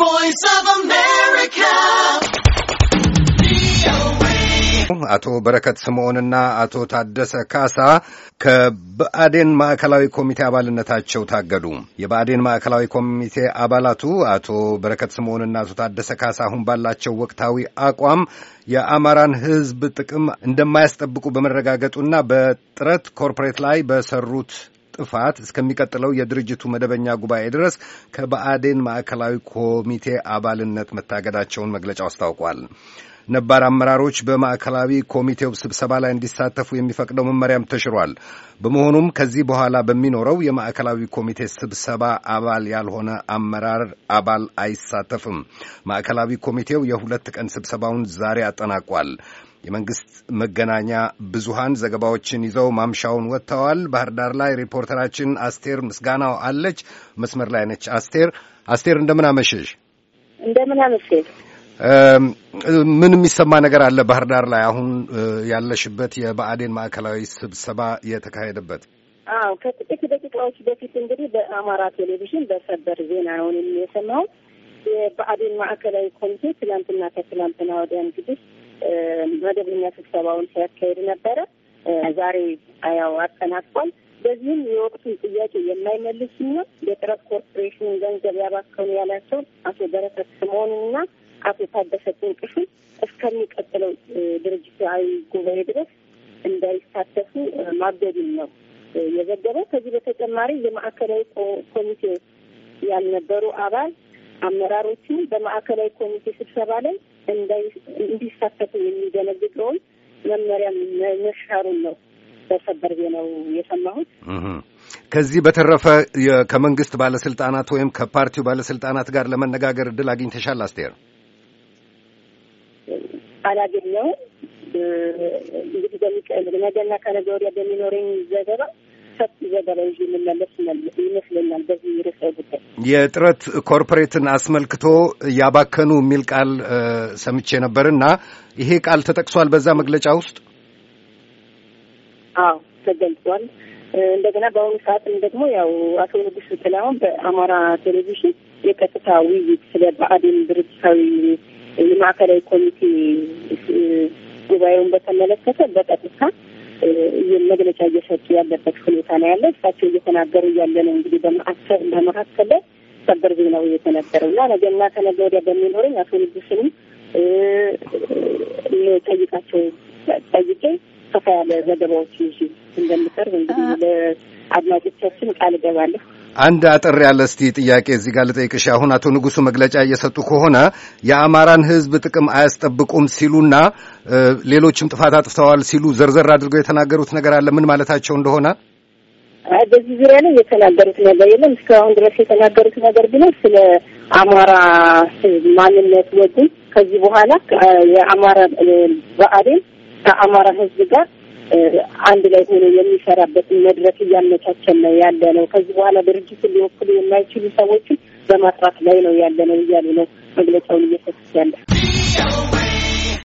voice of America. አቶ በረከት ስምዖንና አቶ ታደሰ ካሳ ከብአዴን ማዕከላዊ ኮሚቴ አባልነታቸው ታገዱ። የብአዴን ማዕከላዊ ኮሚቴ አባላቱ አቶ በረከት ስምዖንና አቶ ታደሰ ካሳ አሁን ባላቸው ወቅታዊ አቋም የአማራን ሕዝብ ጥቅም እንደማያስጠብቁ በመረጋገጡና በጥረት ኮርፖሬት ላይ በሰሩት ጥፋት እስከሚቀጥለው የድርጅቱ መደበኛ ጉባኤ ድረስ ከብአዴን ማዕከላዊ ኮሚቴ አባልነት መታገዳቸውን መግለጫው አስታውቋል። ነባር አመራሮች በማዕከላዊ ኮሚቴው ስብሰባ ላይ እንዲሳተፉ የሚፈቅደው መመሪያም ተሽሯል። በመሆኑም ከዚህ በኋላ በሚኖረው የማዕከላዊ ኮሚቴ ስብሰባ አባል ያልሆነ አመራር አባል አይሳተፍም። ማዕከላዊ ኮሚቴው የሁለት ቀን ስብሰባውን ዛሬ አጠናቋል። የመንግስት መገናኛ ብዙሃን ዘገባዎችን ይዘው ማምሻውን ወጥተዋል። ባህር ዳር ላይ ሪፖርተራችን አስቴር ምስጋናው አለች፣ መስመር ላይ ነች። አስቴር አስቴር፣ እንደምን አመሸሽ? እንደምን አመሸሽ። ምን የሚሰማ ነገር አለ? ባህር ዳር ላይ አሁን ያለሽበት የብአዴን ማዕከላዊ ስብሰባ የተካሄደበት አዎ፣ ከጥቂት ደቂቃዎች በፊት እንግዲህ በአማራ ቴሌቪዥን በሰበር ዜና አሁን የሚሰማው። የብአዴን ማዕከላዊ ኮሚቴ ትላንትና ከትላንትና ወዲያ እንግዲህ መደበኛ ስብሰባውን ሲያካሄድ ነበረ። ዛሬ ያው አጠናቋል። በዚህም የወቅቱን ጥያቄ የማይመልስና የጥረት ኮርፖሬሽኑን ገንዘብ ያባከኑ ያላቸው አቶ በረከት ስምኦንንና አቶ ታደሰ ጭንቅሹን እስከሚቀጥለው ድርጅታዊ ጉባኤ ድረስ እንዳይሳተፉ ማገዱን ነው የዘገበው። ከዚህ በተጨማሪ የማዕከላዊ ኮሚቴ ያልነበሩ አባል አመራሮቹ በማዕከላዊ ኮሚቴ ስብሰባ ላይ እንዲሳተፉ የሚደነግገውን መመሪያ መሻሩን ነው በሰበር ዜናው የሰማሁት። ከዚህ በተረፈ ከመንግስት ባለስልጣናት ወይም ከፓርቲው ባለስልጣናት ጋር ለመነጋገር እድል አግኝተሻል አስቴር? አላገኘውም። እንግዲህ በሚቀነገና ከነገ ወዲያ በሚኖረኝ ዘገባ ሰፊ ዘገባ ይዤ የምመለስ ይመስለኛል። በዚህ ርዕሰ ጉዳይ የጥረት ኮርፖሬትን አስመልክቶ ያባከኑ የሚል ቃል ሰምቼ ነበር እና ይሄ ቃል ተጠቅሷል በዛ መግለጫ ውስጥ? አዎ ተገልጿል። እንደገና በአሁኑ ሰዓትም ደግሞ ያው አቶ ንጉስ ጥላሁን በአማራ ቴሌቪዥን የቀጥታ ውይይት ስለ ብአዴን ድርጅታዊ የማዕከላዊ ኮሚቴ ጉባኤውን በተመለከተ በቀጥታ መግለጫ እየሰጡ ያለበት ሁኔታ ነው ያለ። እሳቸው እየተናገሩ ያለ ነው እንግዲህ በማዕከል በመካከል ላይ ሰበር ዜናው የተነበረው እና ነገና ከነገ ወዲያ በሚኖረኝ አቶ ንጉስንም ጠይቃቸው ጠይቄ ሰፋ ያለ ዘገባዎች ይዤ እንደምቀርብ እንግዲህ ለአድማጮቻችን ቃል እገባለሁ። አንድ አጠር ያለ እስቲ ጥያቄ እዚህ ጋር ልጠይቅሽ። አሁን አቶ ንጉሱ መግለጫ እየሰጡ ከሆነ የአማራን ሕዝብ ጥቅም አያስጠብቁም ሲሉና ሌሎችም ጥፋት አጥፍተዋል ሲሉ ዘርዘር አድርገው የተናገሩት ነገር አለ። ምን ማለታቸው እንደሆነ በዚህ ዙሪያ ላይ የተናገሩት ነገር የለም። እስካሁን ድረስ የተናገሩት ነገር ቢኖር ስለ አማራ ሕዝብ ማንነት ወጉን ከዚህ በኋላ የአማራ በአዴን ከአማራ ሕዝብ ጋር አንድ ላይ ሆኖ የሚሰራበትን መድረክ እያመቻቸን ነው ያለ ነው። ከዚህ በኋላ ድርጅትን ሊወክሉ የማይችሉ ሰዎችን በማጥራት ላይ ነው ያለ ነው እያሉ ነው መግለጫውን እየሰጡት ያለ